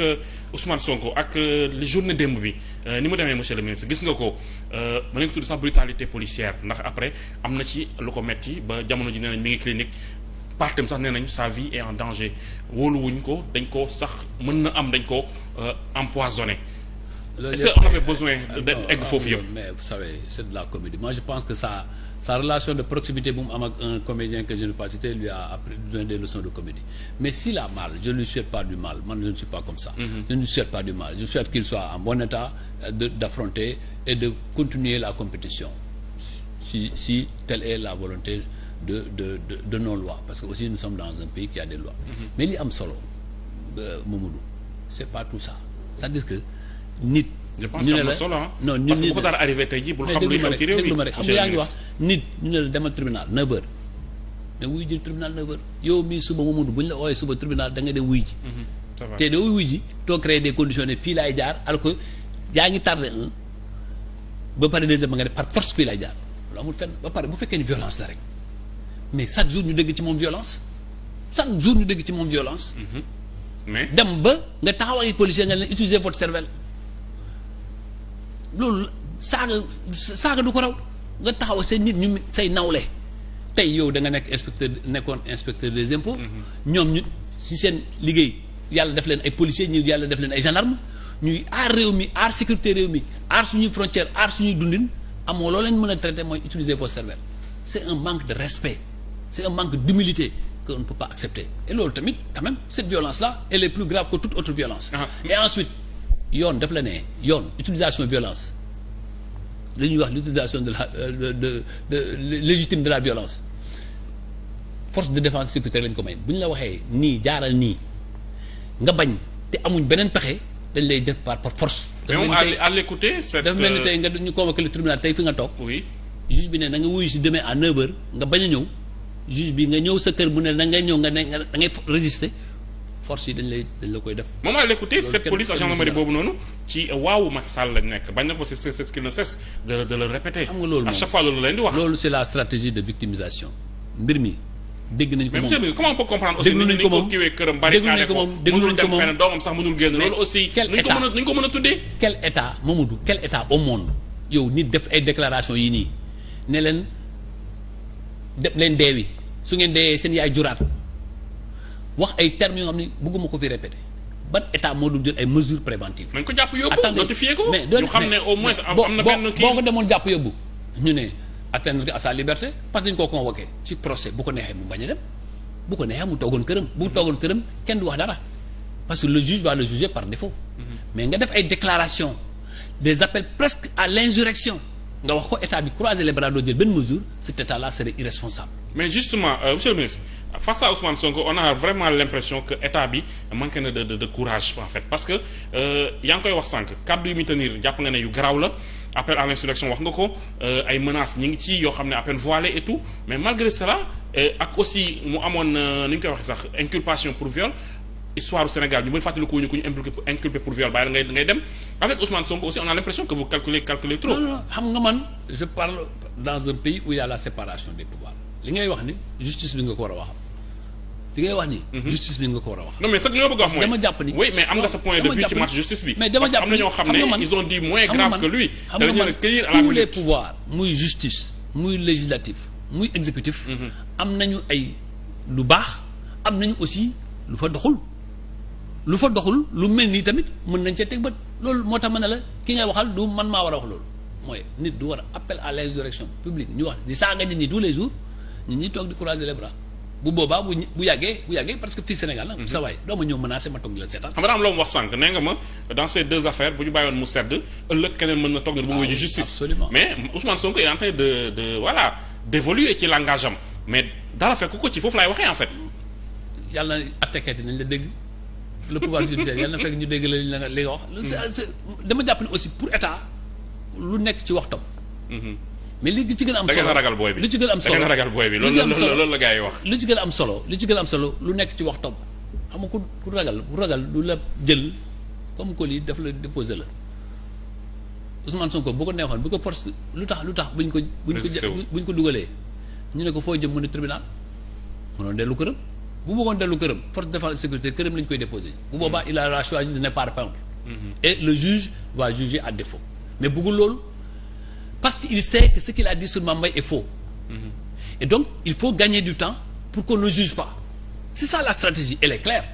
Euh, Ousmane Sonko ak euh, les journée démb bi euh, ni mu demee monsieur le ministre gis nga ko mën nga tudd sax brutalité policière ndax après am na ci lu ko metti ba jamono ji nee nañ mi ngi clinique partem sax nee nañ sa vie est en danger wóoluwuñ ko dañ ko sax mën na am dañ ko empoisonné est-ce qu'on avait besoin ah, d'egg foofu yëpp mais vous savez de la comédie moi je pense que ça sa relation de proximité bu mu un comédien que je ne pas citer lui a appris donné des leçons de comédie mais s'il a mal je ne lui pas du mal je ne suis pas comme ça. Mm-hmm. je ne lui pas du mal je souhaite qu'il soit en bon état euh, d'affronter et de continuer la compétition si si telle est la volonté de de de de nos lois parce que aussi nous sommes dans un pays qui a des lois. Mm -hmm. mais li am solo euh, Mamadou c'est pas tout ça cest à que. nit. ñu ne la non ñu ne la mais déglu ma rek déglu ma rek xam nga yaa ngi wax nit demal tribunal 9 mais wuy ji tribunal 9 yow mii suba Mamadou bu ñu la ooyee suba tribunal da nga dem wuy ji. Mm-hmm. te doo wuy ji too créer des conditions fii laay jaar alors que yaa ngi tardé ba pare deuxième ba nga ne par force fii laay jaar bu fekkee ni violence la rek mais ñu dégg ci moom violence chaque jour ñu dégg ci moom violence. Mm-hmm. mais dem ba nga taxaw ay policier nga leen utiliser votre cervelle. loolu saaga saaga du ko raw nga taxaw seen nit ñu say nawle tey yow da nga nekk inspecteur nekkoon inspecteur des impôts. Mm-hmm. ñoom ñu si seen liggéey yàlla def leen ay policiers ñu yàlla def leen ay gendarmes ñuy aar réew mi aar sécurité réew mi aar suñuy frontière aar suñuy dundin amoo loo leen mën a traité mooy utiliser vos serveurs c' est un manque de respect c' est un manque d' humilité que on ne pas accepter loolu tamit quand même cette violence là elle est plus grave que toute yoon def la ne yoon utilisation violence la wax l'utilisation de la euh, de de, de légitime de la violence force de défense sécuritaire lañ ko may bu ñu la waxee nii jaaral nii nga bañ te amuñ beneen pexe dañ lay def par par force. dafa mel ni à l'écouter cette dafa mel ni euh, tey nga ñu convoqué le tribunal tey fi nga toog. oui bi ne na nga wuyu si demain à 9h nga bañ a ñëw juge bi nga ñëw sa kër mu ne na nga ñëw nga ne da ngay registré. force yi dañ lay dañ la koy def. maman à l'écouter cette police ak gendarmerie boobu noonu ci euh, waawu Macky Sall lañ nekk bañ ne cesse de de le nga loolu moom à la stratégie de victimisation mbir mi. dégg nañ ko moom mais comment on peut a nuñ ko mën a tuddee. quel état Mamadou quel état au monde yow nit def ay déclaration yi nii ne leen def leen deewi su ngeen dee seen yaay juraat wax ay termes yoo xam ne bëgguma ko fi répéter ban état moo dul jël ay mesures préventives. nañ ko jàpp yóbbu notifié ko mais ñu xam ne au moins am na boo ko demoon jàpp yóbbu ñu ne atteindre à sa liberté parce que dañu koo convoqué ci procès bu ko neexee mu bañ a dem bu ko neexee mu toogoon këram bu toogoon këram kenn du wax dara parce que le juge va le juger par défaut. Mhm. mais nga def ay déclarations des appels presque à l'insurrection nga wax ko état bi croiser les bras doo jël benn mesure mais justement euh, face à Ousmane Sonko on a l'impression que état bi manque na de de courage en fait parce que euh, yaa ngi koy wax sànq kàddu yu muy tenir jàpp nga ne yu garaaw la appel à l'insurrection wax nga ko euh, ay menaces ñi ngi ci yoo xam ne à peine et tout mais malgré cela euh, ak aussi mu amoon ni ñu koy waxee sax inculpation pour viol histoire du Sénégal ñu bëri fàttali ko ñu ku ñu impliqué inculpé pour viol bàyyi la ngay ngay dem avec Ousmane Sonko aussi on a l'impression que vous calculez li ngay wax ni nga ko war li ngay wax nii. justice bi nga ko war a wax. non mais a wax mooy dama jàpp ni. oui mais am nga sa point de vue justice bi. mais dama jàpp ni xam nga man am na ñoo xam nga man tous les pouvoirs muy justice muy législatif muy exécutif. Mhm. am nañu ay lu baax am nañu aussi lu fa doxul. lu fa doxul lu mel nii tamit mën nañ cee teg bët loolu moo tax ma ne la ki ngay waxal du man maa war a wax loolu mooy nit du war a appel à l'insurrection publique ñu wax di saaga nit ñi tous les jours nit ñi toog di croiser bu boobaa bu bu yàggee bu yàggee parce que fii Sénégal la. Mhm. sa waay doo ma ñëw menacé ma toog di leen seetaan. xam nga am loo mu wax sànq nee ma dans deux affaires bu ñu bàyyiwoon mu sedd ëllëg keneen mën na toog ne bu mu ji ah justice. mais Ousmane Sonko est en de de voilà d'évoluer ci langage mais dara fekk ko ci foofu laay waxee en fait. yàlla na nañ la dégg le pouvoir judiciaire yàlla na fekk ñu dégg la li nga wax. Mhm. dama jàpp aussi pour état lu nekk ci waxtam. Mhm. mais li ci gën a am solo da a ragal booy bi ci gën a am solo a lu a am solo lu a am solo lu nekk ci wax topp xam nga ku ku ragal ku ragal du la jël comme que lii daf la déposé la Ousmane Sonko bu ko neexoon bu ko force lu tax lu tax buñ ko. buñ ko ko dugalee ñu ne ko foo jëm mu ne tribunal mënoon dellu këram bu bëggoon dellu këram force de défense et sécurité këram lañ koy déposé. bu booba mm-hmm. il a choisi de ne pas répondre. Mm-hmm. et le juge va juger à défaut mais bëggul loolu. il sait que ce qu'il a dit sur Mame Mbaye est faux mm -hmm. et donc il faut gagner du temps pour qu'on ne juge pas c'est ça la stratégie elle est claire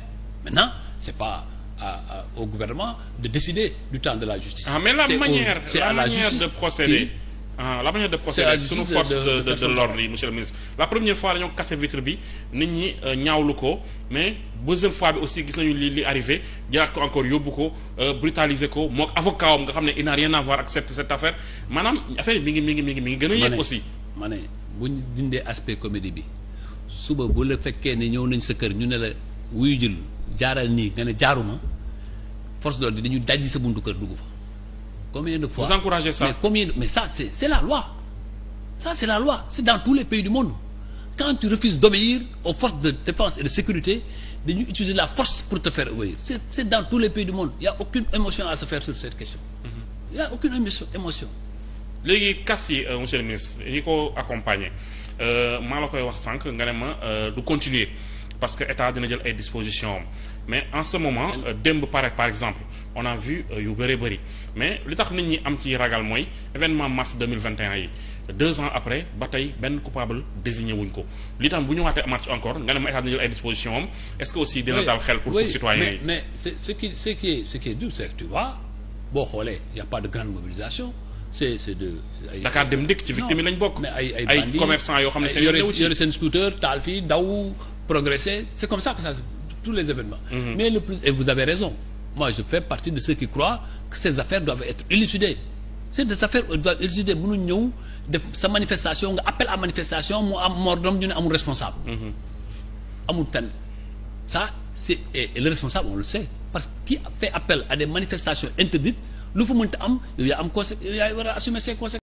maintenant c'est pas à, euh, à, euh, au gouvernement de décider du temps de la justice ah mais la manière la manière de procéder qui, ah la manière de procéder suñu force de de de l'ordre yi monsieur le ministre la première fois dañoo kase vitre bi nit ñi euh, ñaawlu ko mais deuxième fois bi gis nañu li li arrivé jëlaat ko encore yóbbu ko euh, brutaliser ko moo avocat am nga xam ne il n'a rien à voir ak cette cette affaire maanaam affaire bi ngi mi ngi mi ngi mi ngi gën a yéeg aussi ma ne bu ñu dindee aspect comédie bi suba bu la fekkee ni ñëw nañ sa kër ñu ne la wuyu jël jaaral nii nga ne jaaruma force de l'ordre dañu dajji sa buntu kër dugg fa combien de fois vous encouragez ça mais combien de, mais c'est la loi c'est dans tous les pays du monde quand tu refuses d'obéir aux forces de défense et de sécurité dañuy utiliser la force pour te faire obéir c'est dans tous les pays du monde il y a aucune émotion à se faire sur cette question il mhm. y a aucune émotion émotion léegi cas yi euh, monsieur le ministre yi ko accompagner euh, maa la koy wax sànq nga ne ma euh, du continuer parce que état dina jël ay disposition mais en ce moment démb pare par exemple on a vu euh, yu bëree bëri mais li tax nit ñi am ci ragal mooy événement mars 2021 yi deux ans après ba tey benn coupable désigné wuñ ko li tax bu ñu waatee marche encore nga ne ma état na jël ay disposition am est-ce que aussi dina daal xel pour citoyens yi mais ce qui est ce qui boo xoolee y a pas de grande mobilisation c'est de ay dem dikk ci victime yi bokk ay ay ay yoo xam ne seen yore seen scooter taal fii daw progresser c'est comme ça tous les événements mm-hmm. mais le plus moi je fais partie de ceux qui croient que ces affaires doivent être élucidées c'est des affaires doivent élucidées mënuñ ñëw def sa manifestation nga appel à manifestation mu am mort d'homme ñu ne amul responsable mm-hmm. amul fenn ça c'est le responsable on le sait parce que fait appel à des manifestations interdites lu fa mënta am yow yaa am conse yow yaa war a assumer ses